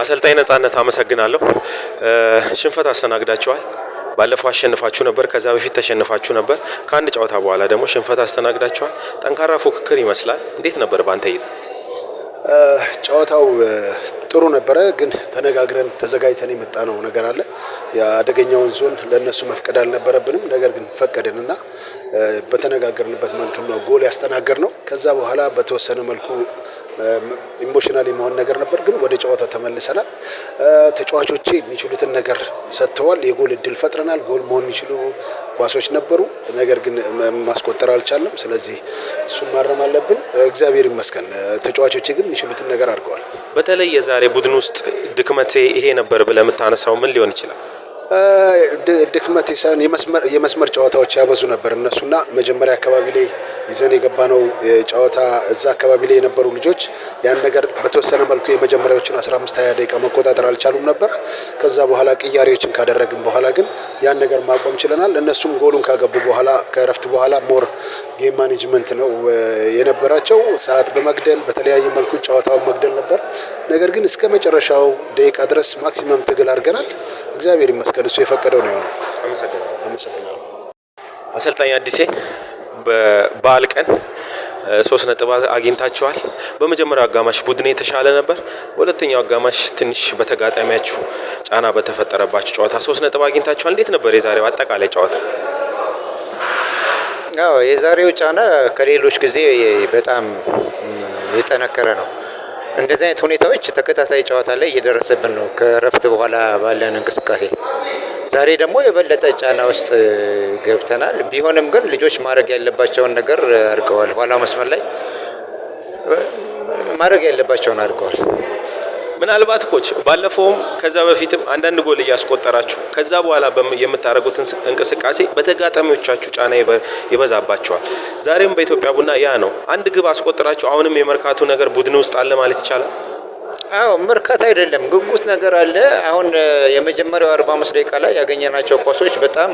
አሰልጣኝ ነጻነት አመሰግናለሁ። ሽንፈት አስተናግዳቸዋል። ባለፈው አሸንፋችሁ ነበር። ከዛ በፊት ተሸንፋችሁ ነበር። ከአንድ ጨዋታ በኋላ ደግሞ ሽንፈት አስተናግዳችኋል። ጠንካራ ፉክክር ይመስላል። እንዴት ነበር በአንተ እይታ ጨዋታው? ጥሩ ነበረ፣ ግን ተነጋግረን ተዘጋጅተን የመጣ ነው ነገር አለ። የአደገኛውን ዞን ለእነሱ መፍቀድ አልነበረብንም። ነገር ግን ፈቀድን እና በተነጋገርንበት መልኩ ነው ጎል ያስተናገድ ነው። ከዛ በኋላ በተወሰነ መልኩ ኢሞሽናል የመሆን ነገር ነበር፣ ግን ወደ ጨዋታ ተመልሰናል። ተጫዋቾቼ የሚችሉትን ነገር ሰጥተዋል። የጎል እድል ፈጥረናል። ጎል መሆን የሚችሉ ኳሶች ነበሩ፣ ነገር ግን ማስቆጠር አልቻለም። ስለዚህ እሱን ማረም አለብን። እግዚአብሔር ይመስገን ተጫዋቾቼ ግን የሚችሉትን ነገር አድርገዋል። በተለይ የዛሬ ቡድን ውስጥ ድክመቴ ይሄ ነበር ብለህ የምታነሳው ምን ሊሆን ይችላል? ድክመቴ ሳይሆን የመስመር ጨዋታዎች ያበዙ ነበር እነሱና መጀመሪያ አካባቢ ላይ ይዘን የገባነው ጨዋታ እዛ አካባቢ ላይ የነበሩ ልጆች ያን ነገር በተወሰነ መልኩ የመጀመሪያዎችን 15 20 ደቂቃ መቆጣጠር አልቻሉም ነበር። ከዛ በኋላ ቅያሬዎችን ካደረግን በኋላ ግን ያን ነገር ማቆም ችለናል። እነሱም ጎሉን ካገቡ በኋላ ከእረፍት በኋላ ሞር ጌም ማኔጅመንት ነው የነበራቸው። ሰዓት በመግደል በተለያየ መልኩ ጨዋታውን መግደል ነበር። ነገር ግን እስከ መጨረሻው ደቂቃ ድረስ ማክሲመም ትግል አድርገናል። እግዚአብሔር ይመስገን እሱ የፈቀደው ነው የሆነው። አመሰግናለሁ። አሰልጣኝ አዲሴ በበዓል ቀን ሶስት ነጥብ አግኝታችኋል። በመጀመሪያው አጋማሽ ቡድን የተሻለ ነበር። በሁለተኛው አጋማሽ ትንሽ በተጋጣሚያችሁ ጫና በተፈጠረባችሁ ጨዋታ ሶስት ነጥብ አግኝታችኋል። እንዴት ነበር የዛሬው አጠቃላይ ጨዋታ? አዎ የዛሬው ጫና ከሌሎች ጊዜ በጣም የጠነከረ ነው። እንደዚህ አይነት ሁኔታዎች ተከታታይ ጨዋታ ላይ እየደረሰብን ነው። ከእረፍት በኋላ ባለን እንቅስቃሴ ዛሬ ደግሞ የበለጠ ጫና ውስጥ ገብተናል። ቢሆንም ግን ልጆች ማድረግ ያለባቸውን ነገር አድርገዋል። ኋላ መስመር ላይ ማድረግ ያለባቸውን አድርገዋል። ምናልባት ኮች ባለፈውም ከዛ በፊትም አንዳንድ ጎል እያስቆጠራችሁ ከዛ በኋላ የምታደርጉት እንቅስቃሴ በተጋጣሚዎቻችሁ ጫና ይበዛባቸዋል። ዛሬም በኢትዮጵያ ቡና ያ ነው። አንድ ግብ አስቆጠራችሁ። አሁንም የመርካቱ ነገር ቡድን ውስጥ አለ ማለት ይቻላል። አዎ መርካት አይደለም ጉጉት ነገር አለ። አሁን የመጀመሪያው አምስት ደቂቃ ላይ ያገኘናቸው ኳሶች በጣም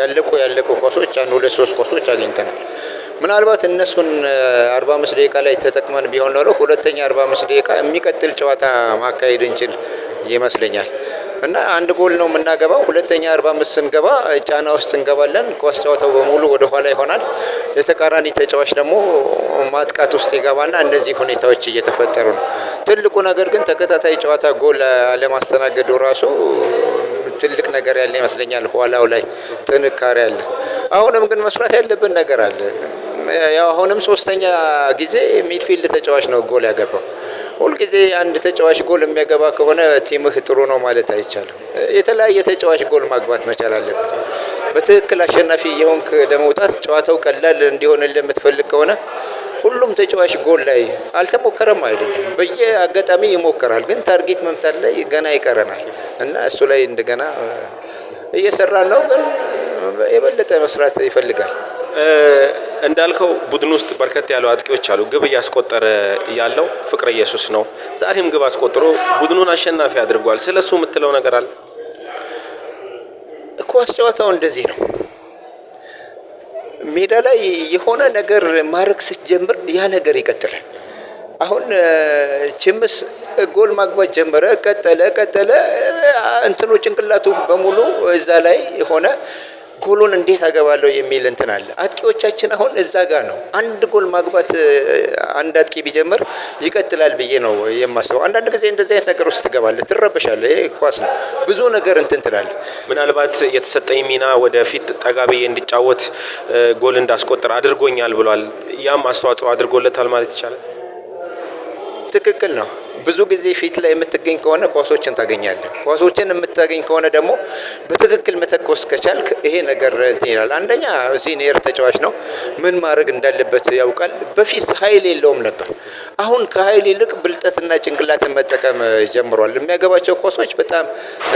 ያለቁ ያለቁ ኳሶች አንድ ሁለት ሶስት ኳሶች አግኝተናል። ምናልባት እነሱን አምስት ደቂቃ ላይ ተጠቅመን ቢሆን ኖሮ ሁለተኛ አምስት ደቂቃ የሚቀጥል ጨዋታ ማካሄድ እንችል ይመስለኛል። እና አንድ ጎል ነው የምናገባው። ሁለተኛ 45 ስንገባ ጫና ውስጥ እንገባለን። ኳስ ጨዋታው በሙሉ ወደ ኋላ ይሆናል። የተቃራኒ ተጫዋች ደግሞ ማጥቃት ውስጥ ይገባና እነዚህ ሁኔታዎች እየተፈጠሩ ነው። ትልቁ ነገር ግን ተከታታይ ጨዋታ ጎል አለማስተናገዱ ራሱ ትልቅ ነገር ያለ ይመስለኛል። ኋላው ላይ ጥንካሬ አለ። አሁንም ግን መስራት ያለብን ነገር አለ። ያው አሁንም ሶስተኛ ጊዜ ሚድፊልድ ተጫዋች ነው ጎል ያገባው። ሁልጊዜ አንድ ተጫዋች ጎል የሚያገባ ከሆነ ቲምህ ጥሩ ነው ማለት አይቻልም። የተለያየ ተጫዋች ጎል ማግባት መቻል አለበት። በትክክል አሸናፊ የሆንክ ለመውጣት ጨዋታው ቀላል እንዲሆን ለምትፈልግ ከሆነ ሁሉም ተጫዋች ጎል ላይ አልተሞከረም አይደለም፣ በየአጋጣሚ ይሞከራል። ግን ታርጌት መምታት ላይ ገና ይቀረናል እና እሱ ላይ እንደገና እየሰራን ነው፣ ግን የበለጠ መስራት ይፈልጋል። እንዳልከው ቡድን ውስጥ በርከት ያሉ አጥቂዎች አሉ። ግብ እያስቆጠረ ያለው ፍቅረ ኢየሱስ ነው። ዛሬም ግብ አስቆጥሮ ቡድኑን አሸናፊ አድርጓል። ስለ እሱ የምትለው ነገር አለ እኮ? አስጨዋታው እንደዚህ ነው። ሜዳ ላይ የሆነ ነገር ማድረግ ስትጀምር ያ ነገር ይቀጥላል። አሁን ችምስ ጎል ማግባት ጀመረ፣ ቀጠለ ቀጠለ፣ እንትኑ ጭንቅላቱ በሙሉ እዛ ላይ ሆነ። ጎሉን እንዴት አገባለሁ የሚል እንትን አለ። አጥቂዎቻችን አሁን እዛ ጋር ነው። አንድ ጎል ማግባት አንድ አጥቂ ቢጀምር ይቀጥላል ብዬ ነው የማስበው። አንዳንድ ጊዜ እንደዚህ አይነት ነገር ውስጥ ትገባለህ፣ ትረበሻለህ። ይሄ ኳስ ነው፣ ብዙ ነገር እንትን ትላለህ። ምናልባት የተሰጠኝ ሚና ወደፊት ጠጋ ብዬ እንዲጫወት ጎል እንዳስቆጥር አድርጎኛል ብሏል። ያም አስተዋጽኦ አድርጎለታል ማለት ይቻላል። ትክክል ነው። ብዙ ጊዜ ፊት ላይ የምትገኝ ከሆነ ኳሶችን ታገኛለን። ኳሶችን የምታገኝ ከሆነ ደግሞ በትክክል መተኮስ ከቻልክ ይሄ ነገር እንትን ይላል። አንደኛ ሲኒየር ተጫዋች ነው፣ ምን ማድረግ እንዳለበት ያውቃል። በፊት ኃይል የለውም ነበር። አሁን ከኃይል ይልቅ ብልጠትና ጭንቅላትን መጠቀም ጀምሯል። የሚያገባቸው ኳሶች በጣም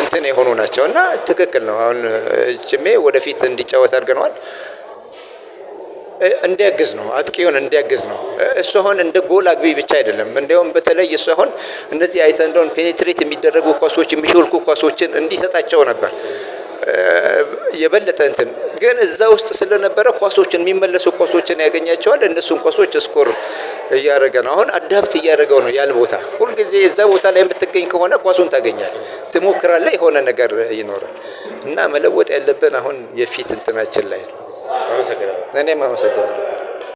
እንትን የሆኑ ናቸው እና ትክክል ነው። አሁን ችሜ ወደፊት እንዲጫወት አድርገነዋል። እንዲያግዝ ነው። አጥቂውን እንዲያግዝ ነው። እሱ አሁን እንደ ጎል አግቢ ብቻ አይደለም። እንዲያውም በተለይ እሱ አሁን እነዚህ አይተ እንደሆን ፔኔትሬት የሚደረጉ ኳሶች የሚሾልኩ ኳሶችን እንዲሰጣቸው ነበር የበለጠ እንትን ግን እዛ ውስጥ ስለነበረ ኳሶችን የሚመለሱ ኳሶችን ያገኛቸዋል። እነሱን ኳሶች ስኮር እያደረገ ነው። አሁን አዳፕት እያደረገው ነው። ያን ቦታ ሁልጊዜ እዛ ቦታ ላይ የምትገኝ ከሆነ ኳሱን ታገኛል። ትሞክራለህ፣ የሆነ ነገር ይኖራል እና መለወጥ ያለብን አሁን የፊት እንትናችን ላይ ነው። Vamos a quedar. Tenemos, a tener.